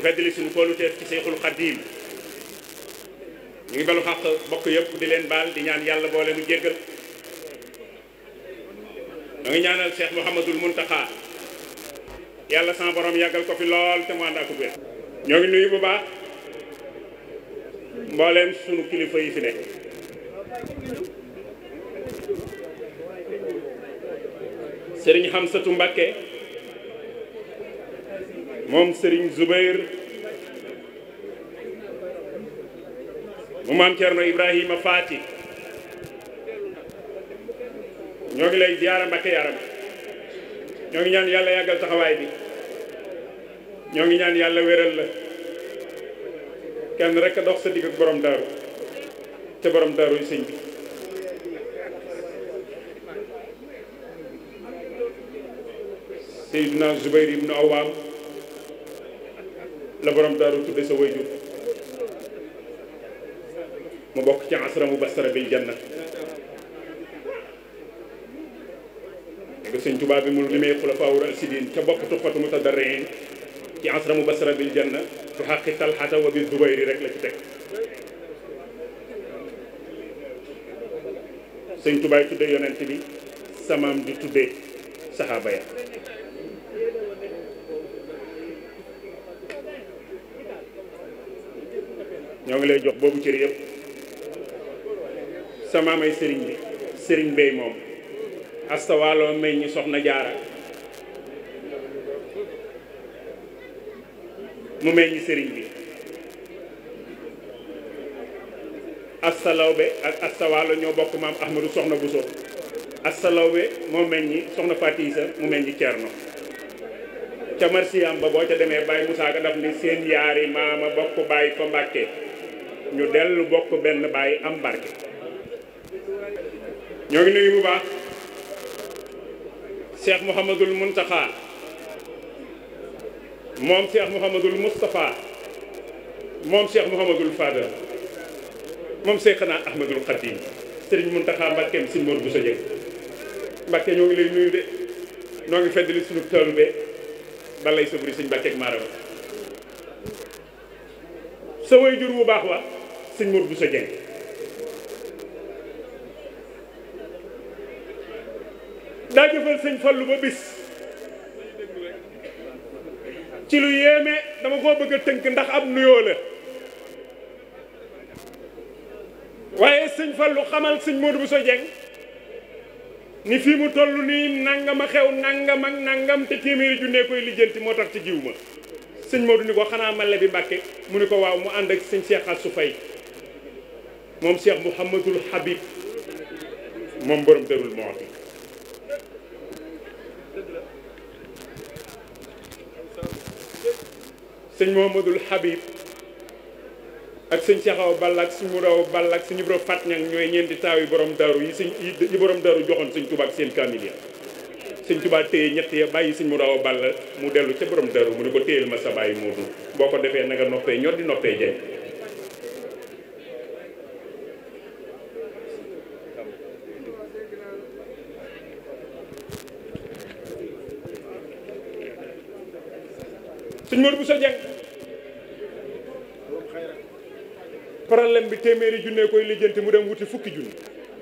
feddali suñu kóoluteef ci Seexul Xadiim ñu ngi balu xàq bokk yépp di leen baal di ñaan yàlla boole mu jéggal da nga ñaanal Cheikh Mouhamadul Muntaxa yàlla sama borom yàggal ko fi lool te mu ànd ak ñoo ngi nuyu bu baax mbooleem sunu kilifa yi fi ne Serigne Xamsatu Mbàkke moom Serigne Zoubair mu maam Thierno Ibrahima Faati ñoo ngi lay ziyaara Mbakke yaram ñoo ngi ñaan yàlla yàggal taxawaay bi ñoo ngi ñaan yàlla wéral la kenn rekk a dox sa digg ak borom daaru te borom daaru yu sëñ bi Seydina Zubayr ibnu Awaam la borom daaru tudde sa wayjur mu bokk ci asra basara bil janna nga sëñ Tuubaa bi mu limee xulafaa raasidiin ca bokk tuppatu mutadarriin ci asra basara bil janna su xaqi talxata bi dubayri rek la ci teg sëñ Tuubaa tudde yonent bi samaam di tudde saxaaba ya ñoo ngi lay jox boobu cër yëpp sa maam ay sëriñ bi sëriñ Mbay moom asta waaloo may ñi soxna jaara mu may sëriñ bi asta lawbe ak asta ñoo bokk maam ahmadu soxna buso asta lawbe moo meñ ñi soxna fatiisa mu meñ ñi cerno ca marsiyam ba boo ca demee bàyyi musaaga daf ni seen yaari maama bokk bàyyi fa mbàkke ñu dellu bokk benn bàyyi am barke ñoo ngi nuyu bu baax Cheikh Mouhamadul Mountakha moom Cheikh Mouhamadul Moustapha moom Cheikh Mouhamadul Fadal moom Cheikhna Ahmadul Khadim sëriñ Mountakha Mbakkeem si Mor Bousso Dieng Mbakke ñoo ngi lay nuyu de noo ngi feddali suñu taalube balay sobri sëñ Mbakke ak Maram sa way jur bu baax wa sëñ bu Bousso Dieng daa jëfal sëñ Fallu ba bis ci lu yéeme dama koo bëgg a tënk ndax ab nuyoo la waaye sëñ Fallu xamal sëñ Mor Bousso Dieng ni fii mu toll nii nangam a xew nangam ak nangam te téeméeri junne koy lijjanti moo tax ci jiw ma sëñ Modou ni ko xanaa male bi Mbàkke mu ni ko waaw mu ànd ak sëñ Cheikh su fay moom Cheikh Mouhamadul Habib moom borom Darou Mouhty sëñ Mouhamadul Habib ak sëñ Cheikh Awa Balla ak sëñ Mouraw Balla ak sëñ Ibro Fat Ñang ñooy ñeenti taaw yi borom daaru yi sëñ yi borom daaru joxoon sëñ Touba ak seen kaamil ya sëñ Touba téye ñett ya bàyyi sëñ Mouraw ball mu dellu ci borom daaru mu ni ko téyel ma sa bàyyi Moodu boo ko defee na nga noppee ñor di noppee jëy sëñ Modou Bousso Dieng problème bi téeméeri junne koy lijjanti mu dem wuti fukki junne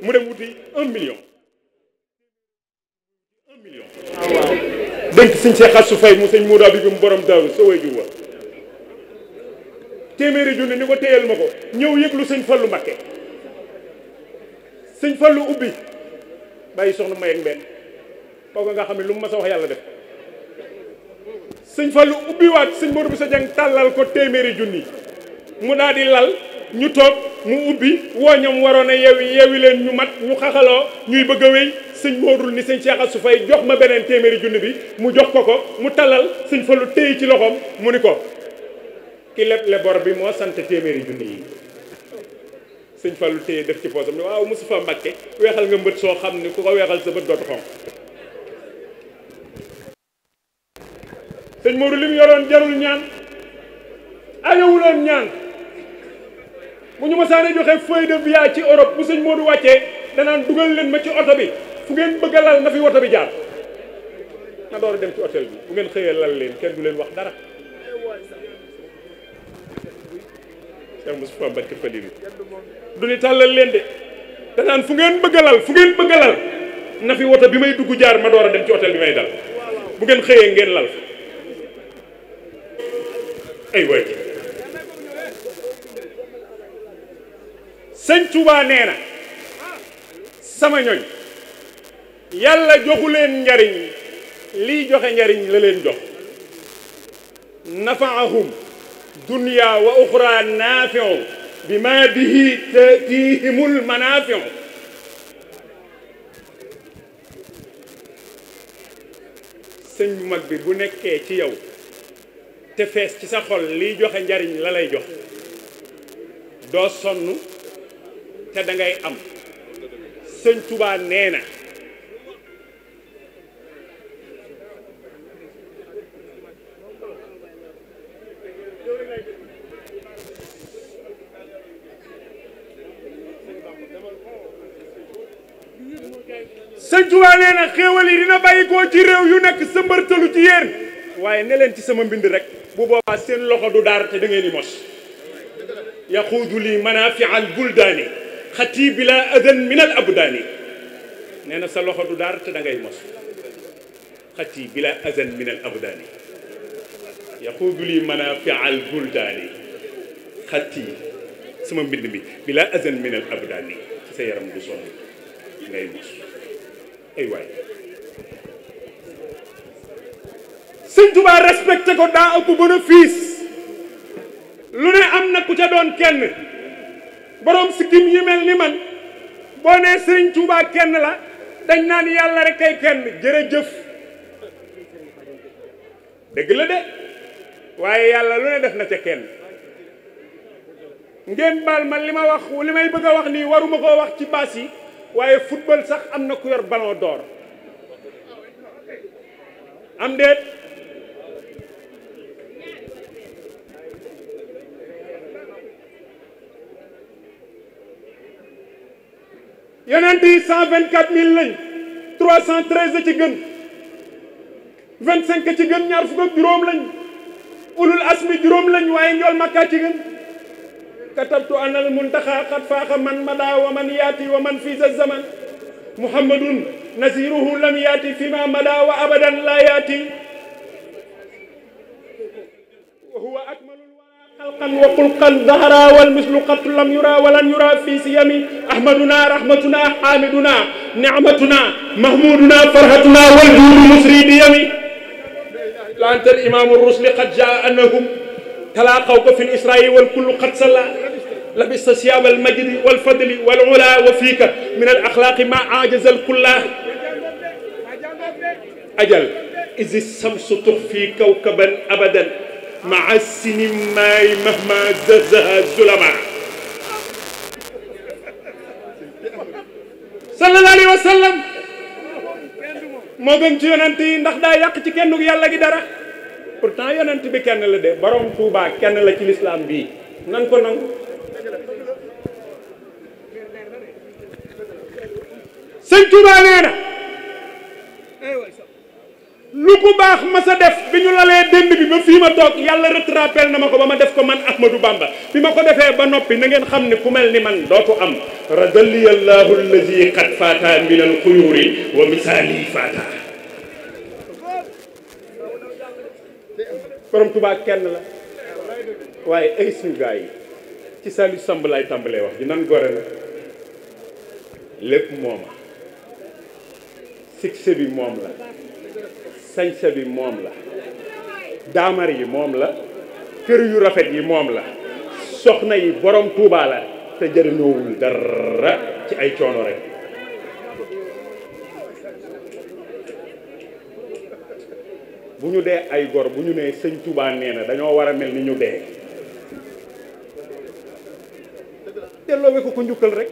mu dem wuti un million un million dénk sëñ Cheikh Assou Faye mu sëñ Modou Abibou mu borom daaru sa wayjur wa téeméeri junne ni ko téyal ma ko ñëw yëglu sëñ Fallou Mbacké sëñ Fallou ubbi bàyyi soxna may ak mbenn kooku nga xam ne lu mu mas wax yàlla def sëñ Fallou ubbiwaat sëñ Modou Bousso Dieng tàllal ko téeméeri junni mu daal di lal ñu toog mu ubbi wooñam waroon a yewi yewi leen ñu mat ñu xaxaloo ñuy bëgg a wéy sëñ Modou ni sëñ Cheikh Assou Faye jox ma beneen téeméeri junni bi mu jox ko ko mu tàllal sëñ Fallou téye ci loxoom mu ni ko ki leb le bor bi moo sant téeméeri junni yi sëñ Fallou téye def ci poosam ni waaw Moustapha Mbacké weexal nga mbët soo xam ni ku ko weexal sa bët dootu xonq sëñ moo li mu yoroon jarul ñaan ayowuloon ñaan bu ñu ma masaane joxe feuille de via ci Europe bu sëñ Modou wàccee danaan dugal leen ma ci oto bi fu ngeen bëgg lal na fi woto bi jaar na door a ci hôtel bi bu ngeen xëyee leen kenn du leen wax dara Cheikh Moustapha du ni tàllal leen danaan fu ngeen bëgg fu ngeen bëgg a lal oto bi may dugg jaar ma door a dem ci hôtel bi may dal bu ngeen xëyee ngeen lal ay waay ji sama ñoñ yàlla joxu leen njariñ li joxe njariñ la leen jox nafaahum dunya wa uxra naafiu bi ma bihi tatihimul manaafiu sëñ mag bi bu nekkee ci yow te ci sa xol joxe njariñ la lay jox doo am sëñ nee na sëñ Touba nee na xéewal yi dina bàyyi koo ci réew yu nekk sëmbërtalu ci yéen waaye ne leen ci sama mbind rekk bu boobaa seen loxo du daar te da ngeen di mos yaxuudu li manaafi al buldaani xati bila adan min al abdaani nee na sa loxo du daar te mos xati bila adan min al abdaani yaxuudu li manaafi sama mbind mi bila adan min al abdaani ci sa yaram du sonn ngay mos ay waay sëñ Tuubaa respecté ko daa ëpp fiis lu ne am na ku ca doon kenn boroom sikkim yi mel ni man boo nee sëriñ Tuubaa kenn la dañ naan yàlla rek kay kenn jërëjëf dëgg la de waaye yàlla lu ne def na ca kenn ngeen baal ma li ma wax li may bëgg wax nii waruma koo wax ci baas yi waaye football sax am na ku yor ballon d'or am déet yonent yi cent vingt quatre mille lañ trois cent treize a ci gën vingt cinq ci gën ñaar fukk ak juróom lañ ulul asmi juróom lañ waaye njool makkaa ci gën katabtu anal muntaxa xat faaxa man mada wa man yaati wa man fii sa zaman muhammadun nasiruhu lam yaati fi ma mada wa abadan la yaati خلقا وخلقا ظهرا والمثل قط لم يرى ولن يرى في سيم أحمدنا رحمتنا حامدنا نعمتنا محمودنا فرحتنا والجود مسري بيمي لأنت الإمام الرسل قد جاء أنهم تلاقوك في الإسراء والكل قد صلى لبست ثياب المجد والفضل والعلا وفيك من الأخلاق ما عاجز الكل أجل إذ الشمس تخفي كوكبا أبدا مع السينماء مهما زادها الظلماء صلى الله عليه وسلم moo gën ci yonent yi ndax daa yàq ci kenn yàlla gi dara pour pourtant yonent bi kenn la de borom Touba kenn la ci lislaam bii nan ko nangu sëñ Touba nee baax ma sa def bi ñu lalee dénd bi ba fii ma toog yàlla rattrapé na ma ko ba ma def ko man Ahmadou Bamba bi ma ko defee ba noppi na ngeen xam ne ku mel ni man dootu am radali allahu allazi qad fata min al xuyuri wa misaali fata borom Tuubaa kenn la waaye ay suñu gaa yi ci Saliou Samb laay tàmbalee wax ji nan gore la lépp mooma succès bi moom la sañse bi moom la daamar yi moom la kër yu rafet yi moom la soxna yi boroom Tuuba la te jëriñoowul dara ci ay coono rek bu ñu dee ay gor bu ñu nee sëñ Tuuba nee na dañoo war a mel ni ñu dee delloowe ko ko njukkal rek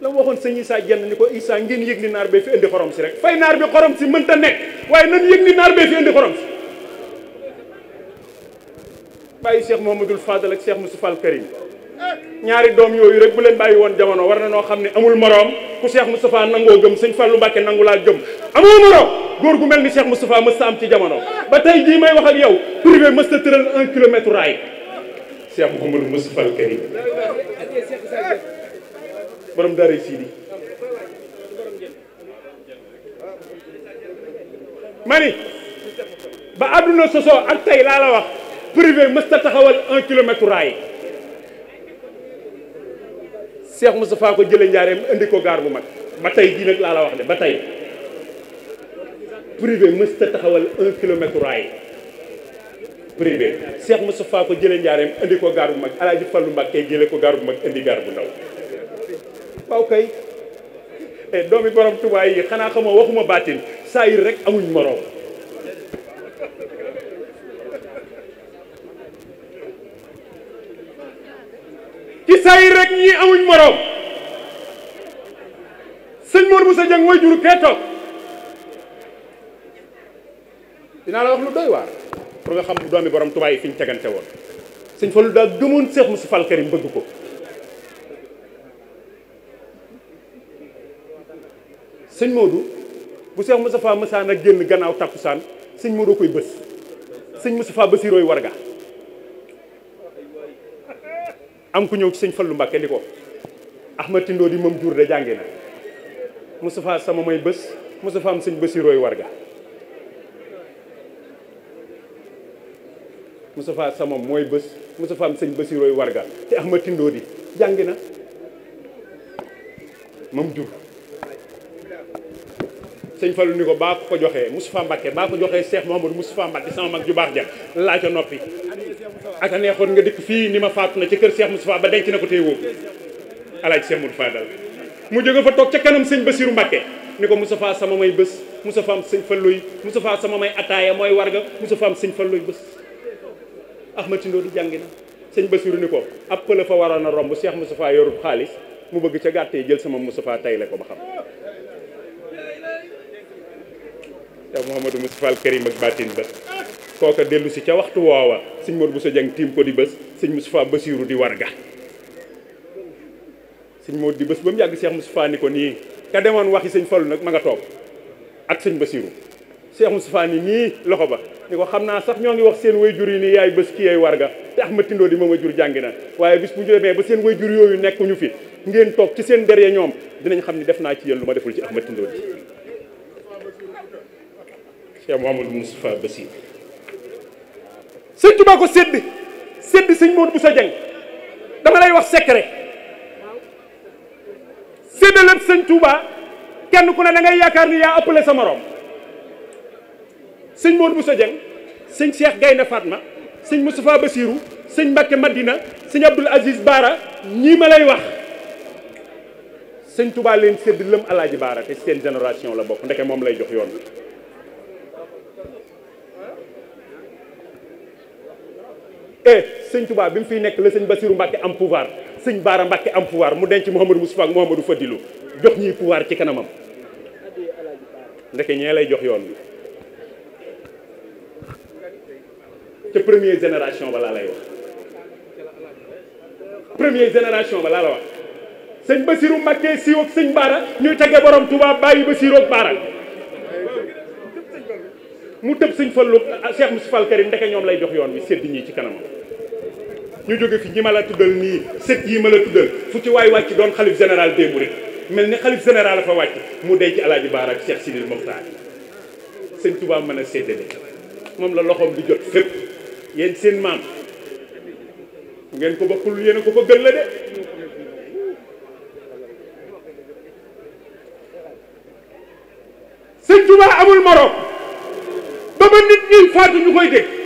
la mu waxoon sëñ Issa jenn ni ko Issa ngeen yëg naar bee fi indi xorom si rek fay naar bi xorom si mënta nekk waaye nañu yëg ni naar bee fi indi xorom bàyyi Cheikh Mouhamadoul Fadal ak Cheikh Moustapha Al ñaari doom yooyu rek bu leen bàyyi woon jamono war na noo xam ne amul moroom ku Cheikh Moustapha nangoo gëm sëñ Fallou Mbacke nangu laa gëm amul moroom góor gu mel ni seex Moustapha mës ta am ci jamono ba tey jii may wax ak yow privé mës ta tëral un kilomètre raay Cheikh Mouhamadou Moustapha Al Karim borom daaray Sidi ma ni ba àdduna sosoo ak tey laa la wax privé mësta taxawal un kilomètre raay Cheikh Moustapha ko jële njaareem indi ko gaar bu mag ba tey jii nag laa la wax de ba tey privé mësta taxawal un kilomètre raay privé Cheikh Moustapha ko jële njaareem indi ko gaar bu mag Alaaji Fallu Mbàkke jële ko gaar bu mag indi gaar bu ndaw waaw kay eh, doomi borom tubaay yi xanaa xamoo waxuma baatin saa yi rek amuñ moroom ci saa yi rek ñii amuñ moroom sëñ Mor Moussa Dieng mooy juru kee toog dinaa la wax lu doy waar pour nga xam doomi borom tubaay yi fi ñu tegante woon sëñ Fallou daa gëmoon Seex Musaa Fall Karim bëgg ko sëñ Modou bu Cheikh Moustapha Massana génn gannaaw takkusaan sëñ Modou koy bës sëñ Moustapha Bassirooy warga am ku ñëw ci sëñ Fallou Mbacké li ko Ahmad Tindo di moom jur de jàngi na Moustapha sama may bës Moustapha am sëñ Bassirooy warga Moustapha sama mooy bës Moustapha am sëñ Bassirooy warga te Ahmad Tindo di jàngi na moom jur sëñ lu ni ko baa ko ko joxee Moustapha Mbacke baa ko joxee mu Mouhamadou Moustapha Mbacke sama mag ju baax ja laa ca noppi ak a neexoon nga dikk fii ni ma faatu na ci kër Cheikh Moustapha ba denc na ko téye woo alaaj Cheikh Moudou Fadal mu jóge fa toog ca kanam sëñ Bassirou Mbacke ni ko Moustapha sama may bés Moustapha am sëñ Fallou yi Moustapha sama may ataaya mooy warga Moustapha am sëñ Fallou yi bés Ahmad Tindo di jàngi na sëñ Bassirou ni ko ab pël fa waroon a romb seex Moustapha yorub xaalis mu bëgg ca gàtt yi jël sama Moustapha tay la ko ba xam Cheikh Mouhamadou Moustapha al Karim ak baatin ba kooka dellu si ca waxtu woowa sëñ Modou Bousso Dieng tiim ko di bés sëñ Moustapha Bassirou di warga sëñ Modou di bés ba mu yàgg seex Moustapha ni ko nii ka wax yi sëñ Fallou nag ma nga toog ak sëñ Bassirou Cheikh Moustapha ni nii loxo ba ñu ko xam naa sax ñoo ngi wax seen way jur yi ni yaay bés ki yaay warga te Ahmad Tindo di moom a jur jàngi na waaye bis bu ñu demee ba seen way jur yooyu nekkuñu fi ngeen toog ci seen derye ñoom dinañ xam ni def naa ci yéen lu ma deful ci Ahmad Cheikh Mouhamadou Moustapha Bassir sëñ Tuubaa ko sédd sédd sëñ dama lay wax secret séddaleb sëñ Tuubaa kenn ku ne da ngay yaakaar ni yaa ëppale sa morom sëñ Modou sa jëng sëñ Cheikh Gaynde Fatma sëñ Moustapha Bassirou sëñ Mbacke Madina sëñ Abdoul Aziz Baara ñii ma lay wax sëñ Tuubaa leen sédd lëm alaaji Baara te seen génération la bokk ndeke moom lay jox yoon eh sëñ Touba bi mu fiy nekk la sëñ basiru Mbacke am pouvoir sëñ Baara Mbacke am pouvoir mu denc Mouhamadou Moustapha ak Mouhamadou Fadilou jox ñuy pouvoir ci kanamam ndeke ñee lay jox yoon ca première génération ba laa génération ba laa la wax sëñ Bassirou Mbacke siiw ak sëñ Baara ñuy tagge borom Touba bàyyi Bassirou ak Baara mu tëb sëñ Fallou ñoom lay jox yoon wi sedd ñi ci kanamam ñu jóge fi ñi ma la tuddal nii sët yi ma la tuddal fu ci waay wàcc doon xalif général des mourides mel ni xalif général a fa wàcc mu dey ci alaaji baar ak Cheikh Sidil Mokhtar sëñ Tuubaa mën a séddale moom la loxoom di jot fépp yéen seen maam ngeen ko ba yéen a ko ko gën la de sëñ Tuubaa amul morom ba ba nit ñi faatu ñu koy dégg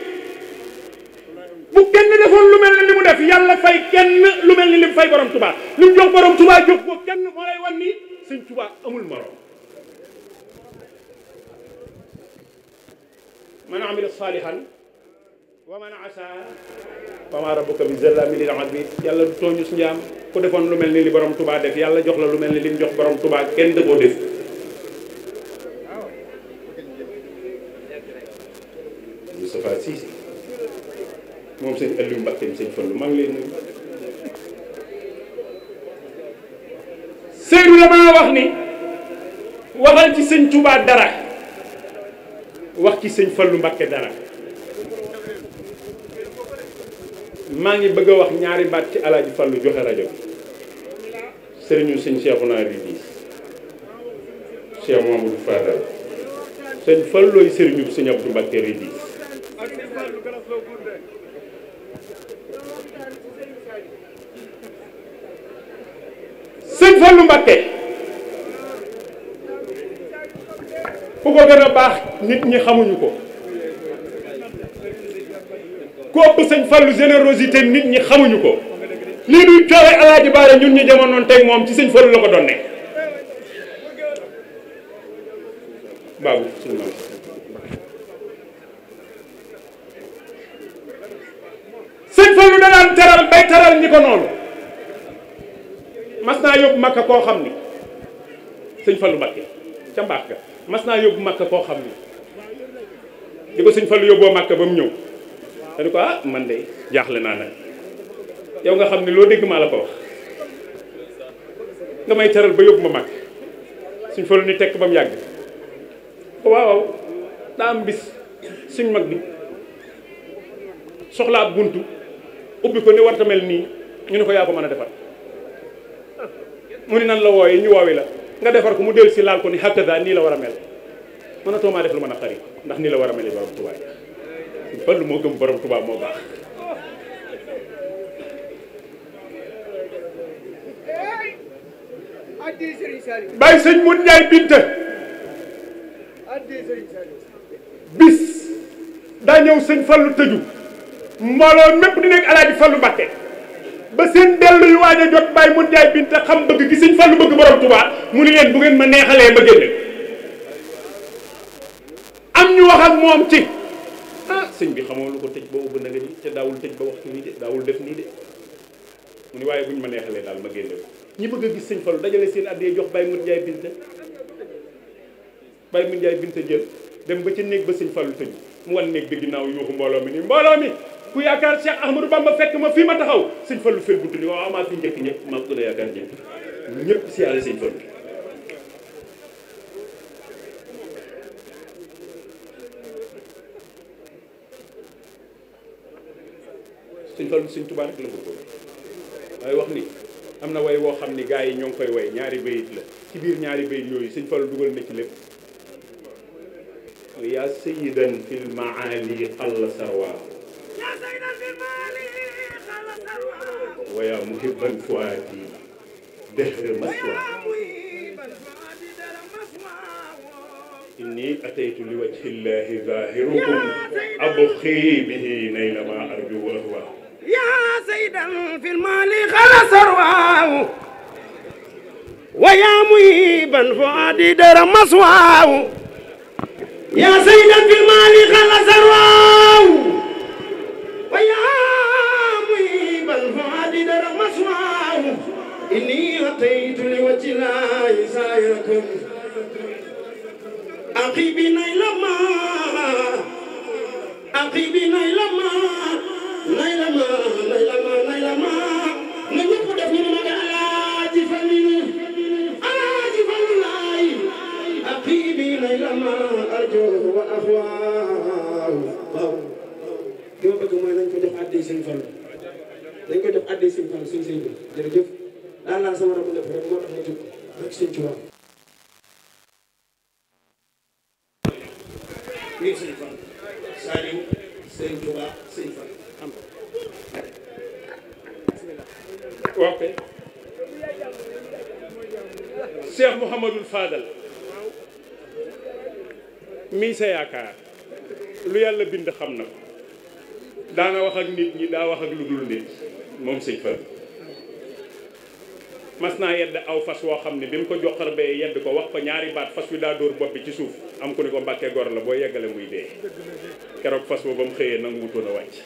bu kenn defoon lu li mu def yàlla fay kenn lu mel ni li mu fay borom Tuubaa lu jox borom Tuubaa jox ko kenn moo lay wan ni sëñ Tuubaa amul morom man amila saalihan wa man asa wa ma rabbuka bi zallaamin lil abiid yàlla du tooñu si njaam ku defoon lu mel ni li borom Tuubaa def yàlla jox la lu mel ni li mu jox borom Tuubaa kenn da koo def moom sëñ Aliou Mbacke sëñ Fallou maa ngi lay nuyu Seydou damaa wax ni waxal ci sëñ Touba dara wax ci sëñ lu Mbacke dara maa ngi bëgg a wax ñaari baat ci alaaji Fallou joxe rajo sëriñu sëñ Cheikhouna Ridi Cheikh Mamadou Fadal sëñ Fallou looy sëriñu sëñ Abdou Mbacke Ridi Fallu Mbàkke ku ko gën a baax nit ñi xamuñu ko ku ëpp sëñ Fallu générosité nit ñi xamuñu ko lii duy coowee Alaaji Baare ñun ñu jamonoon teg moom ci sëñ Fallu la ko doon ne baabu sëñ Maam sëñ bay teral ñi ko noonu naa yóbbu makka koo xam ni sëñ Fallou Mbacké ca mbaax ga mas naa yóbbu makka koo xam ni di ko sëñ Fallou yóbboo makka ba mu ñëw dañu ko ah man de jaaxle naa nag yow nga xam ni loo dégg maa la ko wax nga may teral ba yóbbu ma makka sëñ Fallou ni tekk ba mu yàgg waaw daa am bis suñ mag bi soxla ab buntu ubbi ko ne warta mel nii ñu ne ko yaa ko mën a defar mu ni nan la wooyee ñu woowi la nga defar ko mu dellu si laal ko ni hakaza nii la war a mel mën a toomaa def lu mën a xari ndax nii la war a mel borom tubaab yi ba lu moo gëm borom tubaab moo baax bàyyi sëñ mun njaay binte bis daa ñëw sëñ fallu tëju mbooloo mépp di nekk alaaji fallu mbàkke ba seen dellu yu waaj a jot bàyyi mun jaay binta xam bëgg gi sëñ Fallu bëgg borom Tuubaa mu ni leen bu ngeen ma neexalee ma génne am ñu wax ak moom ci ah sëñ bi xamoo lu ko tëj ba ubbi na nga nii te daawul tëj ba wax ci nii de daawul def nii de mu ni waaye bu ñu ma neexalee daal ma génne ko ñi bëgg a gis sëñ Fallu dajale seen addee jox bàyyi mun jaay binta bàyyi mun jaay binta jël dem ba ca néeg ba sëñ lu tëj mu wan néeg bi ginnaaw yuuxu mbooloo mi ni mbooloo mi ku yaakaar Cheikh Ahmadou Bamba fekk ma fii ma taxaw sëñ Fallu fir buntu ni waaw maa fi njëkk ñëpp ñëpp ñëpp si yàlla sëñ Fallu sëñ Fallu sëñ Tuubaa rek la waaye wax ni am na way woo xam ni gars yi ñoo ngi koy way ñaari bayit la ci biir ñaari bayit yooyu sëñ Fallu dugal na lépp yaa sayidan fil maali alla sarwa ويا محب فؤاد دهر مسوى إني أتيت لوجه الله ظاهركم أبخي به نيل ما أرجو وأهوى يا سيدا في المال خلص رواه ويا مهيبا فؤادي در مسواه يا سيدا في المال خلص رواه ويا مهيب الفؤاد درم مسواه إني أتيت لوجه الله سائركم أقبنا إلى ما أقبنا إلى ما نيل ما نيل ما addee sëñ Fall suñ sëñ bi ok Cheikh Mouhamadul Fadal mii sa yaakaar lu yàlla bind xam na ko daana wax ak nit ñi daa wax ak lu nit moom sëñ Fall mas naa yedd aw fas woo xam ne bi mu ko joxar bee yedd ko wax ko ñaari baat fas wi daa dóor bopp bi ci suuf am ku ne ko mbàkkee gor la boo yeggale muy dee keroog fas boobu mu xëyee nangu wutoon wàcc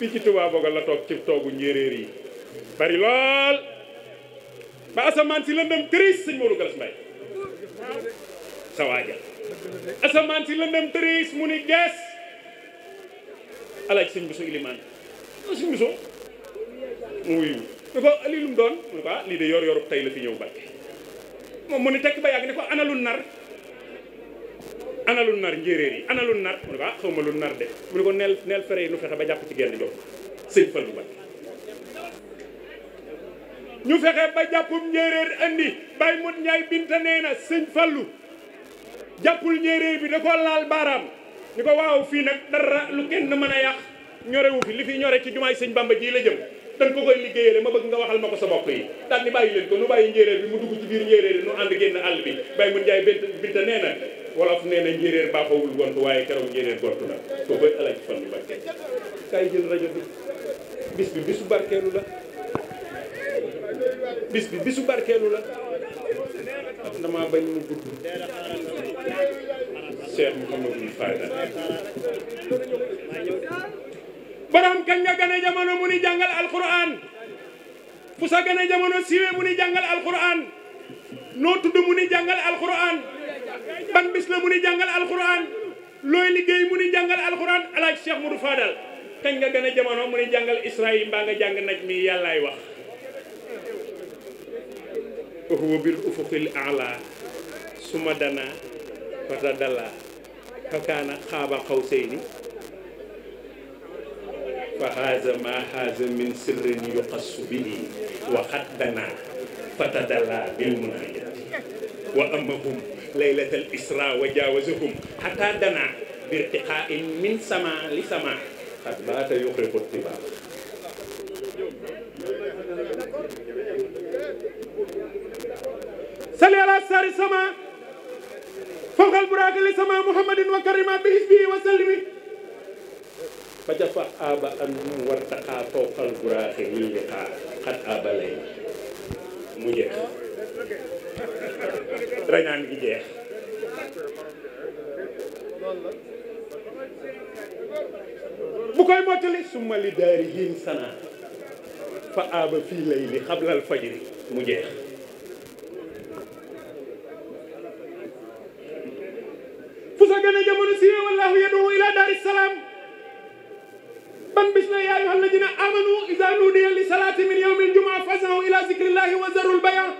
fii ci Tuubaa booga la toog ci toogu njéeréer yi bari lool ba asamaan si lëndëm tëriis sëñ Modou Galas Mbaye sa waaja asamaan si lëndëm tëriis mu ni gees alaaj sëñ Bousso ilimaan ah, sëñ Bousso mu wuyu mu ko lii lu mu doon mu ne ko ah lii de yor yorub tey la fi ñëw Mbàkke moom mu ne tekk ba yàgg ne ko ana lu nar ana lu nar njéeréer yi ana lu nar mu ne ko ah xaw ma lu nar de mu ne ko neel neel fere yi nu fexe ba jàpp ci genn jox jàppum njéeréer andi Baye Mut Njaay binta nee na sëñ Fallu jàppul njéeréer bi da ko laal baaraam ni ko waaw fii nag dara lu kenn mën a yàq ñorewu fi li fi ñore ci jumaay sëñ Bamba ji la jëm dañ ko koy liggéeyale ma bëgg nga waxal ma ko sa mbokk yi daal ni bàyyi leen ko nu bàyyi njéeréer bi mu dugg ci biir njéeréer nu ànd génn àll bi bàyyi mun jaay binta binta nee na wolof nee na njéeréer baaxawul gontu waaye keroog njéeréer gontu na ko bëgg alaaj yu barke kaay jël rajo bi bis bi bisu barkeelu la bis bi bisu barkeelu la dama bañ mu gudd Cheikh Mouhamadul Fadal borom kañ nga gane jamono mu ni jàngal alquran fu sa gane jamono siiwee mu ni jàngal alquran noo tudd mu ni jàngal alquran ban bis la mu ni jàngal alquran looy liggéey mu ni jàngal alquran alaaj Cheikh Modou Fadal kañ nga gane jamono mu ni jàngal Israayil mbaa nga jàng naj mi yàllaay wax wa huwa bil ufuqil a'la suma dana fata dala fa kaana xaaba xawsayni fa haaza ma haaza min sirrin yuqassu bihi wa xat dana fatadalla bil munaajati wa amahum laylata al isra wa jaawazahum xata dana bi irtiqaain min sama li sama xat baata yuxriqu tibaa sali ala sari sama فوق البراق لسما محمد وكرم بحزبه وسلم فجفا آب أنهم وارتقى فوق البراق للقاء قد آب لي مجيخ رنان جيخ bu koy mottali summa li daari hiin sana fa aaba fii lay li xablal fajri mu jeex wallahu yad'u ila daari salaam ban bis na yaa ayyuha alladina amanu ida nudiya li salaati min yawmi aljumaa fas'aw ila zikrillahi wa zarul bayaa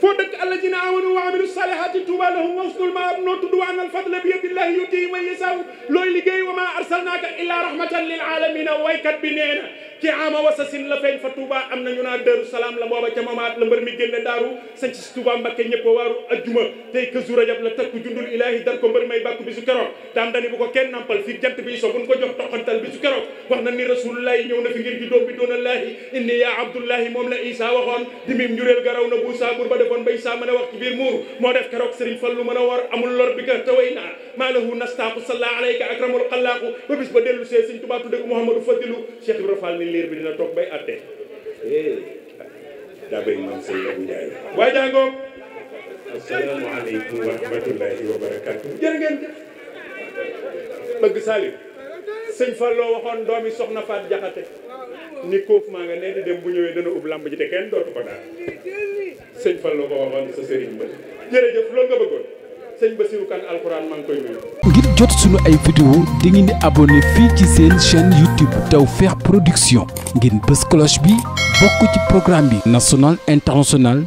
foo dëkk alladina amanu wa amilu salihati tuuba lahum wa husnul maab noo tudd wa anna alfadla bi yadillahi yutihi man yasaw looy liggéey wa ma arsalnaaka illa rahmatan lil alamina waykat bi nee na ci ama wasasin la feeñ fa Touba am na ñu naa Daaru Salaam la booba ca mamaat la mbër mi génne daaru sañ si Touba Mbakke ñëpp a waaru tey ka zu la takku jundul ilaahi dar ko may bàkku bi su keroog dani bu ko kenn jant bi so buñ ko jox toqantal bi su na ni rasulullahi ñëw na fi ngir doom bi doona laahi inni yaa abdullahi moom la isa waxoon di mim njureel garaw na bu saabur ba defoon a a ba bis ba dellu see Serigne Touba liir bi dina toog bay atte daa bay maam sëñ Abu Njaay waaye jàngoo asalaamu aleykum wa rahmatullahi wa barakaatu jërë ngeen bëgg Salim sëñ Falloo waxoon doomi soxna Faat Jaxate ni kóof maa nga ne di dem bu ñëwee dana ub làmb ji te kenn dootu ko daal sëñ Falloo ko waxoon sa sëriñ ba jërëjëf loolu nga bëggoon sëñ Basiru Kan alxuraan maa ngi koy nuyu jot suñu ay vidéo da ngeen di abonné fii ci seen chaîne YouTube Tawfekh Production ngir bës cloche bi bokk ci programme bi national international